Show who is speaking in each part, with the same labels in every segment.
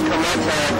Speaker 1: kamata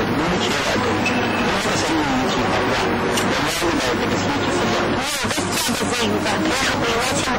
Speaker 1: da mu muke yawa da mu kuma ka san me yake faruwa da mu da gaske ke sallah. Ba